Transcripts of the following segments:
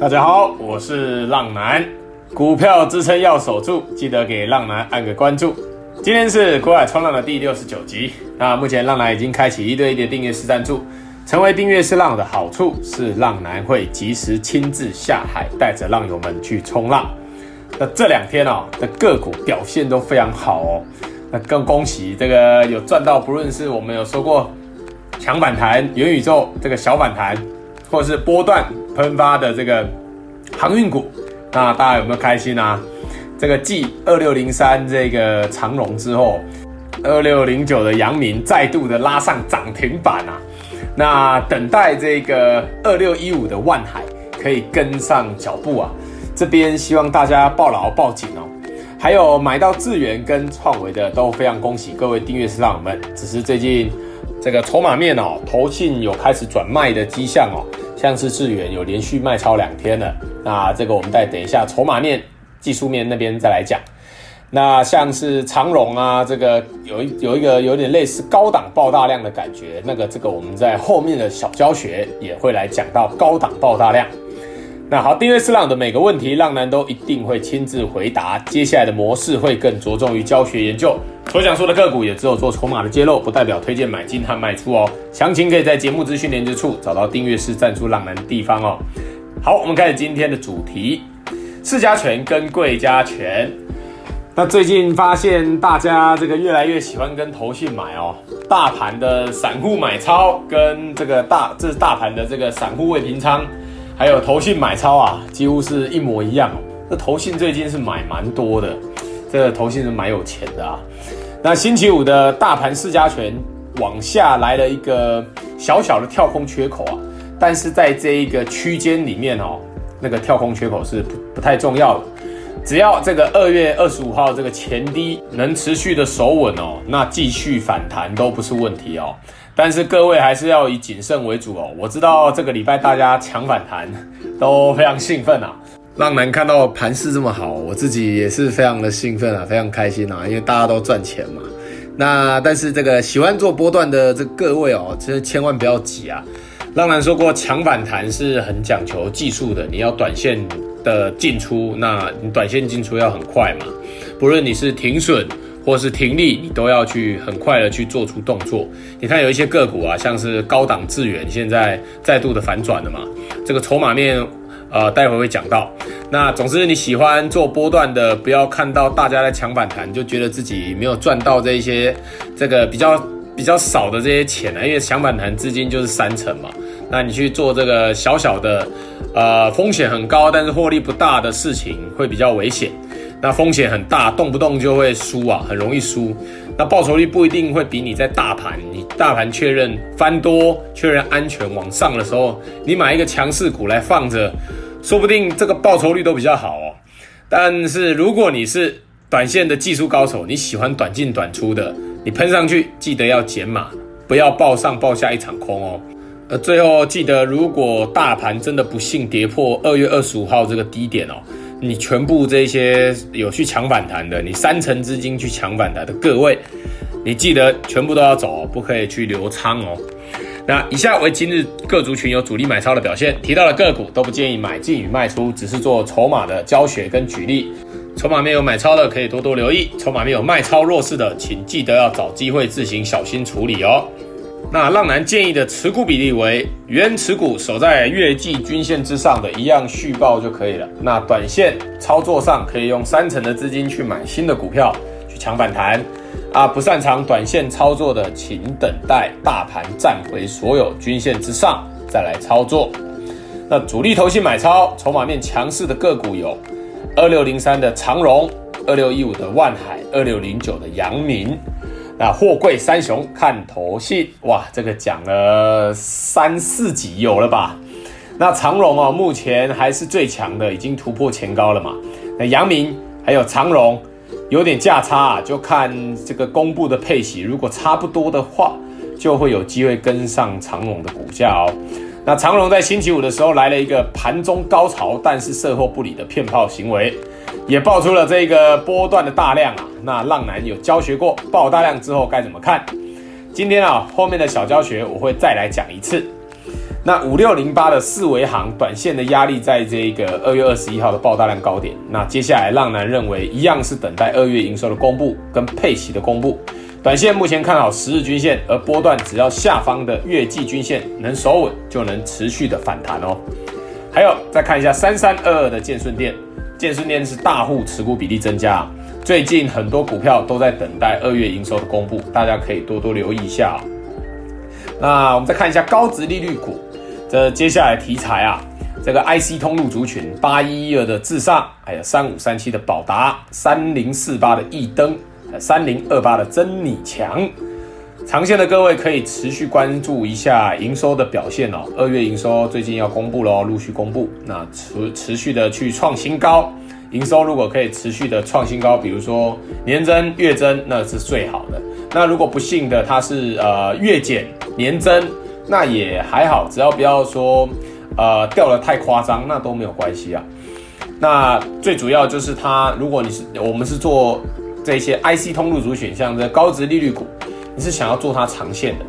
大家好，我是浪男，股票支撐要守住，記得給浪男按個關注。今天是股海衝浪的第六十九集。那目前浪男已經開啟一對一的訂閱式贊助，成為訂閱式浪的好處是浪男會及時親自下海，帶着浪友們去衝浪。那這兩天哦的、這個股表現都非常好哦。那更恭喜這個有賺到，不論是我們有說過強反彈、元宇宙這個小反彈，或者是波段。噴發的這個航運股，那大家有沒有開心啊？這個繼二六零三這個長榮之後，二六零九的陽明再度的拉上漲停板啊！那等待這個二六一五的萬海可以跟上腳步啊！這邊希望大家抱牢抱緊哦。還有買到智原跟創惟的都非常恭喜各位訂閱式浪友們，只是最近這個籌碼面哦，投信有開始轉賣的跡象哦。像是智原有連續賣超兩天了，那這個我們再等一下籌碼面、技術面那邊再來講。那像是長榮啊，這個有有一個有點類似高檔爆大量的感覺，那個這個我們在後面的小教學也會來講到高檔爆大量。那好，訂閱式浪友的每個問題，浪男都一定會親自回答。接下來的模式會更着重於教學研究。所講述的個股也只有做籌碼的揭露，不代表推薦買進和賣出哦。詳情可以在節目資訊連結處找到訂閱式贊助浪男的地方哦。好，我們開始今天的主題，市加權跟櫃加權。那最近發現大家這個越來越喜歡跟投信買哦，大盤的散戶買超跟這個大這是大盤的這個散戶未平倉，還有投信買超啊，幾乎是一模一樣。那投信最近是買蠻多的。這個投信是蠻有錢的啊，那星期五的大盤市加權往下來了一個小小的跳空缺口啊，但是在這一個區間裡面哦，那個跳空缺口是不不太重要的，只要這個二月二十五號這個前低能持續的守穩哦，那繼續反彈都不是問題哦，但是各位還是要以謹慎為主哦，我知道這個禮拜大家搶反彈都非常興奮啊。浪男看到盤勢這麼好，我自己也是非常的興奮啊，非常開心啊，因為大家都賺錢嘛。那但是這個喜歡做波段的這個各位哦、喔，其實千萬不要急啊。浪男說過，強反彈是很講求技術的，你要短線的進出，那你短線進出要很快嘛。不論你是停損或是停利，你都要去很快的去做出動作。你看有一些個股啊，像是高檔智原現在再度的反轉了嘛，這個籌碼面。呃，待會兒會講到。那總之，你喜歡做波段的，不要看到大家在搶反彈，就覺得自己沒有賺到這一些這個比較比較少的這些錢啊。因為搶反彈資金就是三成嘛，那你去做這個小小的，呃，風險很高，但是獲利不大的事情，會比較危險。那風險很大，動不動就會輸啊，很容易輸。那報酬率不一定會比你在大盤，你大盤確認翻多、確認安全往上的時候，你買一個強勢股來放着，說不定這個報酬率都比較好哦。但是如果你是短線的技術高手，你喜歡短進短出的，你噴上去記得要減碼，不要抱上抱下一場空哦。呃，最後記得，如果大盤真的不幸跌破二月二十五號這個低點哦。你全部這些有去搶反彈的，你三成資金去搶反彈的各位，你記得全部都要走，不可以去留倉哦。那以下為今日各族群有主力買超的表現，提到的個股都不建議買進與賣出，只是做籌碼的教學跟舉例。籌碼面有買超的可以多多留意，籌碼面有賣超弱勢的，請記得要找機會自行小心處理哦。那浪男建議的持股比例為原持股守在月季均線之上的一樣續抱就可以了。那短線操作上可以用三成的資金去買新的股票去搶反彈，啊，不擅長短線操作的，請等待大盤站回所有均線之上再來操作。那主力投信買超籌碼面強勢的個股有二六零三的長榮、二六一五的萬海、二六零九的陽明。那貨櫃三雄看投信，哇，這個講了三四集有了吧？那長榮哦，目前還是最強的，已經突破前高了嘛。那陽明還有長榮，有點價差啊，就看這個公布的配息，如果差不多的話，就會有機會跟上長榮的股價哦。那長榮在星期五的時候來了一個盤中高潮，但是射後不理的騙炮行為。也爆出了這個波段的大量啊！那浪男有教學過，爆大量之後該怎麼看？今天啊，後面的小教學我會再來講一次。那五六零八的四維航短線的壓力，在這個二月二十一號的爆大量高點。那接下來浪男認為，一樣是等待二月營收的公布跟配息的公布。短線目前看好十日均線，而波段只要下方的月季均線能守穩，就能持續的反彈哦。還有，再看一下三三二二的建舜電。近十年是大戶持股比例增加，最近很多股票都在等待二月營收的公布，大家可以多多留意一下。那我們再看一下高殖利率股，這接下來題材啊，這個 IC 通路族群八一一二的至上還有三五三七的堡達，三零四八的益登，三零二八的增你強長線的各位可以持續關注一下營收的表現哦。二月營收最近要公布囉，陸續公布。那持持續的去創新高，營收如果可以持續的創新高，比如說年增、月增，那是最好的。那如果不幸的它是呃月減、年增，那也還好，只要不要說呃掉得太誇張，那都沒有關係啊。那最主要就是它，如果你是我們是做這些 IC 通路組選項的高殖利率股。你是想要做它長線的，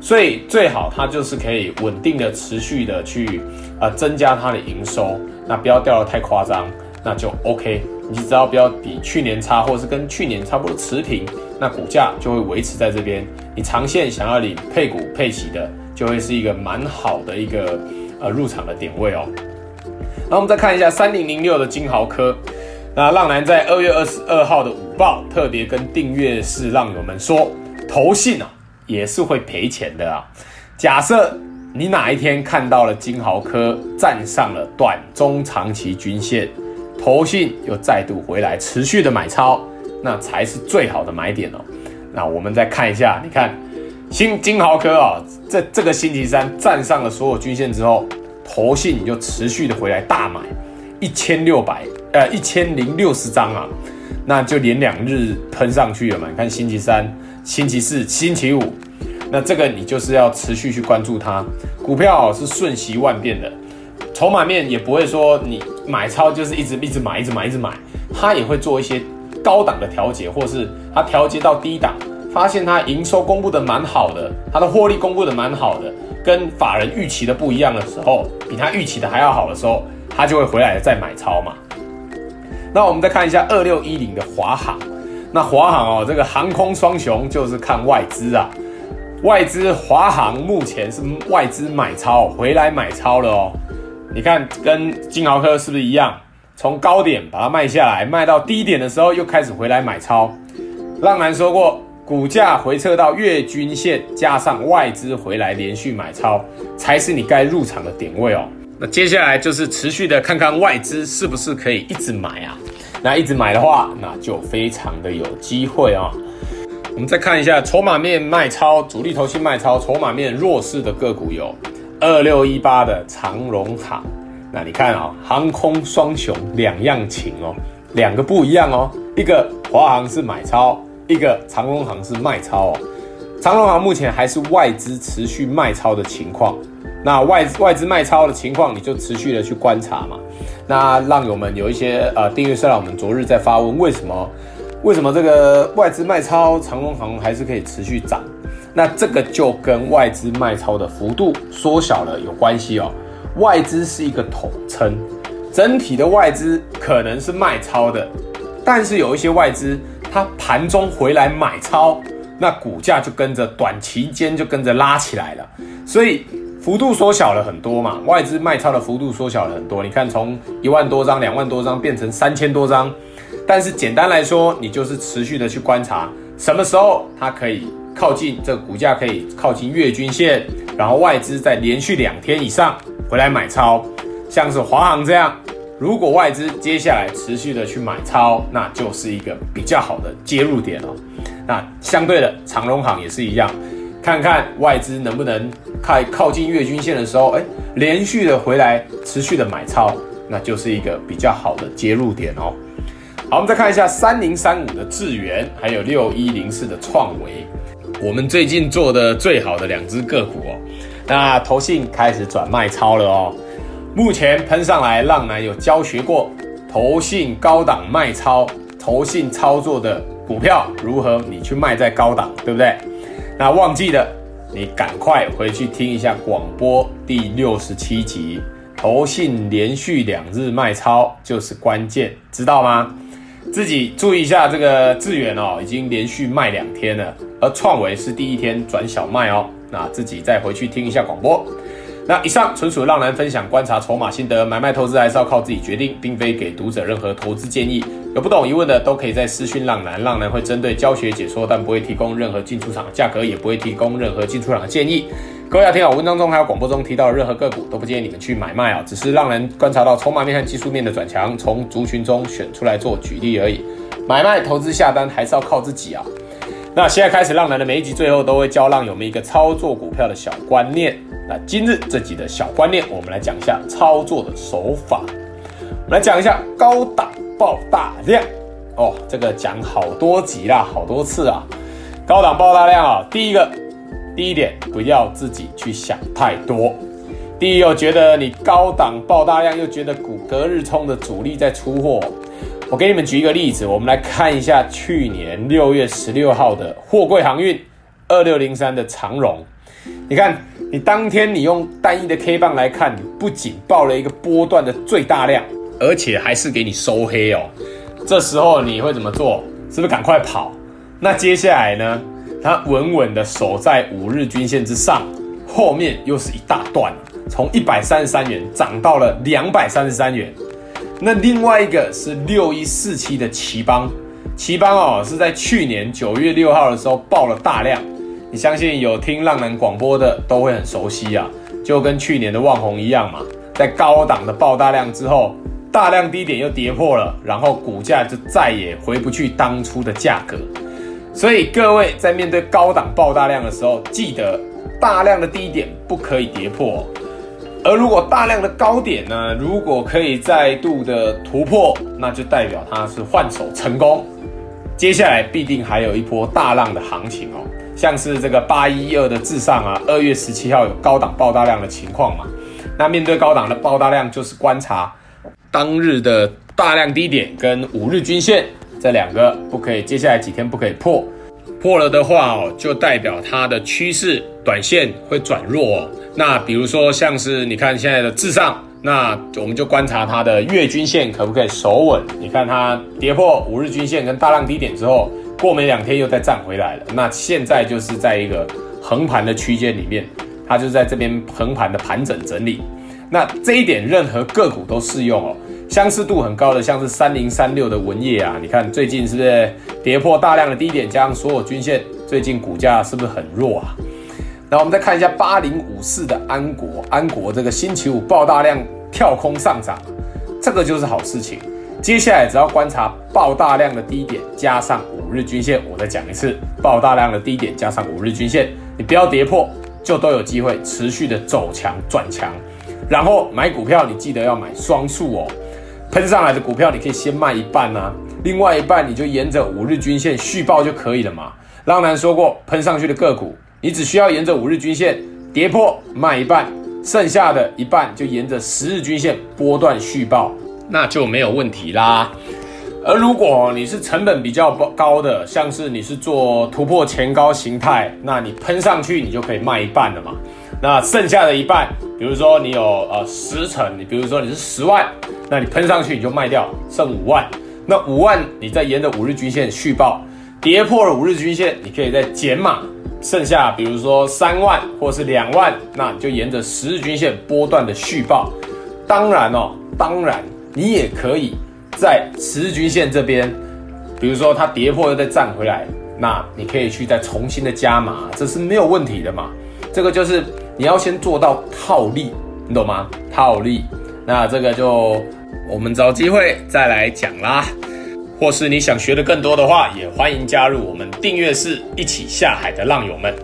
所以最好它就是可以穩定的、持續的去呃增加它的營收，那不要掉的太誇張，那就 OK。你只要不要比去年差，或是跟去年差不多持平，那股價就會維持在這邊。你長線想要領配股配息的，就會是一個蠻好的一個呃入場的點位哦。那我們再看一下三零零六的晶豪科，那浪男在二月二十二號的午報特別跟訂閱式浪友們說。投信啊，也是會賠錢的啊。假設你哪一天看到了晶豪科站上了短、中、長期均線，投信又再度回來持續的買超，那才是最好的買點哦。那我們再看一下，你看新晶豪科啊，在這，這個星期三站上了所有均線之後，投信你就持續的回來大買一千六百呃一千零六十張啊，那就連兩日噴上去了嘛，你看星期三、星期四、星期五，那這個你就是要持續去關注它。股票是瞬息萬變的，籌碼面也不會說你買超就是一直一直買、一直買、一直買，它也會做一些高檔的調節，或是它調節到低檔，發現它營收公布的蠻好的，它的獲利公布的蠻好的，跟法人預期的不一樣的時候，比它預期的還要好的時候，它就會回來再買超嘛。那我們再看一下二六一零的華航。那華航哦、喔，這個航空雙雄就是看外資啊，外資華航目前是外資買超回來買超了哦、喔，你看跟晶豪科是不是一樣，從高點把它賣下來，賣到低點的時候又開始回來買超。浪男說過，股價回撤到月均線加上外資回來連續買超，才是你該入場的點位哦、喔。那接下來就是持續的看看外資是不是可以一直買啊。那一直買的話，那就非常的有機會哦。我們再看一下籌碼面賣超，主力投信賣超，籌碼面弱勢的個股有二六一八的長榮航，那你看啊、哦，航空雙雄兩樣情哦，兩個不一樣哦，一個華航是買超，一個長榮航是賣超哦。長榮航目前還是外資持續賣超的情況。那外資外資賣超的情況，你就持續的去觀察嘛。那浪友們有一些呃訂閱式浪友們昨日在發問，為什麼為什麼這個外資賣超，長榮航空還是可以持續漲？那這個就跟外資賣超的幅度縮小了有關係哦。外資是一個統稱，整體的外資可能是賣超的，但是有一些外資它盤中回來買超，那股價就跟着，短期間就跟着拉起來了，所以，幅度縮小了很多嘛，外資賣超的幅度縮小了很多。你看，從一萬多張、兩萬多張變成三千多張，但是簡單來說，你就是持續的去觀察什麼時候它可以靠近這個、股價可以靠近月均線，然後外資再連續兩天以上回來買超，像是華航這樣，如果外資接下來持續的去買超，那就是一個比較好的介入點哦。那相對的，長榮航也是一樣。看看外資能不能靠靠近月均線的時候，哎、欸，連續的回來，持續的買超，那就是一個比較好的接入點哦。好，我們再看一下三零三五的智原，還有六一零四的創惟，我們最近做的最好的兩只個股哦。那投信開始轉賣超了哦，目前噴上來浪男有教學過投信高檔賣超，投信操作的股票如何，你去賣在高檔，對不對？那忘記了，你趕快回去聽一下廣播第六十七集，投信連續兩日賣超就是關鍵，知道嗎？自己注意一下這個智原哦，已經連續賣兩天了，而創惟是第一天轉小賣哦，那自己再回去聽一下廣播。那以上純屬浪男分享觀察籌碼心得，買賣投資還是要靠自己決定，並非給讀者任何投資建議。有不懂疑問的都可以在私訊浪男，浪男會針對教學解說，但不會提供任何進出場的價格，也不會提供任何進出場的建議。各位要、啊、聽好、哦，文章中還有廣播中提到的任何個股都不建議你們去買賣啊、哦，只是讓人觀察到籌碼面和技術面的轉強，從族群中選出來做舉例而已。買賣投資下單還是要靠自己啊、哦。那現在開始，浪男的每一集最後都會教浪友們一個操作股票的小觀念。那今日這集的小觀念，我們來講一下操作的手法。我們來講一下高檔爆大量哦，這個講好多集啦，好多次啊。高檔爆大量啊，第一個第一點，不要自己去想太多。第一，又覺得你高檔爆大量，又覺得股隔日沖的主力在出貨。我給你們舉一個例子，我們來看一下去年六月十六號的貨櫃航運二六零三的長榮。你看，你當天你用單一的 K 棒來看，你不僅爆了一個波段的最大量，而且還是給你收黑哦。這時候你會怎麼做？是不是趕快跑？那接下來呢？它穩穩的守在五日均線之上，後面又是一大段，從一百三十三元漲到了兩百三十三元。那另外一個是6147的頎邦，頎邦哦是在去年九月六號的時候爆了大量，你相信有聽浪男廣播的都會很熟悉啊，就跟去年的旺宏一樣嘛，在高檔的爆大量之後，大量低點又跌破了，然後股價就再也回不去當初的價格，所以各位在面對高檔爆大量的時候，記得大量的低點不可以跌破哦。而如果大量的高點呢，如果可以再度的突破，那就代表它是換手成功，接下來必定還有一波大浪的行情哦。像是這個八一一二的至上啊，二月十七號有高檔爆大量的情況嘛？那面對高檔的爆大量，就是觀察當日的大量低點跟五日均線這兩個不可以，接下來幾天不可以破，破了的話哦，就代表它的趨勢短線會轉弱哦。那比如說像是你看現在的至上，那我們就觀察它的月均線可不可以守穩。你看它跌破五日均線跟大量低點之後，過沒兩天又再站回來了。那現在就是在一個橫盤的區間裡面，它就在這邊橫盤的盤整整理。那這一點任何個股都適用哦，相似度很高的像是三零三六的文曄啊，你看最近是不是跌破大量的低點，加上所有均線，最近股價是不是很弱啊？然後我們再看一下八零五四的安國安國，這個星期五爆大量跳空上漲，這個就是好事情。接下來只要觀察爆大量的低點加上五日均線，我再講一次，爆大量的低點加上五日均線，你不要跌破，就都有機會持續的走強轉強。然後買股票，你記得要買雙數哦。噴上來的股票，你可以先賣一半啊，另外一半你就沿着五日均線續抱就可以了嘛。浪男說過，噴上去的個股。你只需要沿着五日均線跌破賣一半，剩下的一半就沿着十日均線波段續抱，那就沒有問題啦。而如果你是成本比較高的，像是你是做突破前高形態，那你噴上去你就可以賣一半了嘛。那剩下的一半，比如說你有呃十成，你比如說你是十萬，那你噴上去你就賣掉剩五萬，那五萬你再沿着五日均線續抱，跌破了五日均線，你可以再減碼。剩下比如說三萬或是兩萬，那你就沿着十日均線波段的續抱。當然哦，當然你也可以在十日均線這邊，比如說它跌破又再站回來，那你可以去再重新的加碼，這是沒有問題的嘛。這個就是你要先做到套利，你懂嗎？套利，那這個就我們找機會再來講啦。或是你想學的更多的話，也歡迎加入我們訂閱式一起下海的浪友們，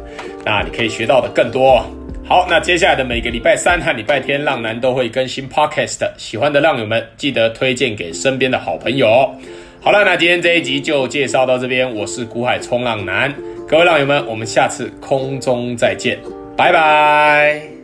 那你可以學到的更多。好，那接下來的每個禮拜三和禮拜天，浪男都會更新 podcast，喜歡的浪友們記得推薦給身邊的好朋友。好了，那今天這一集就介紹到這邊，我是股海衝浪男，各位浪友們，我們下次空中再見，拜拜。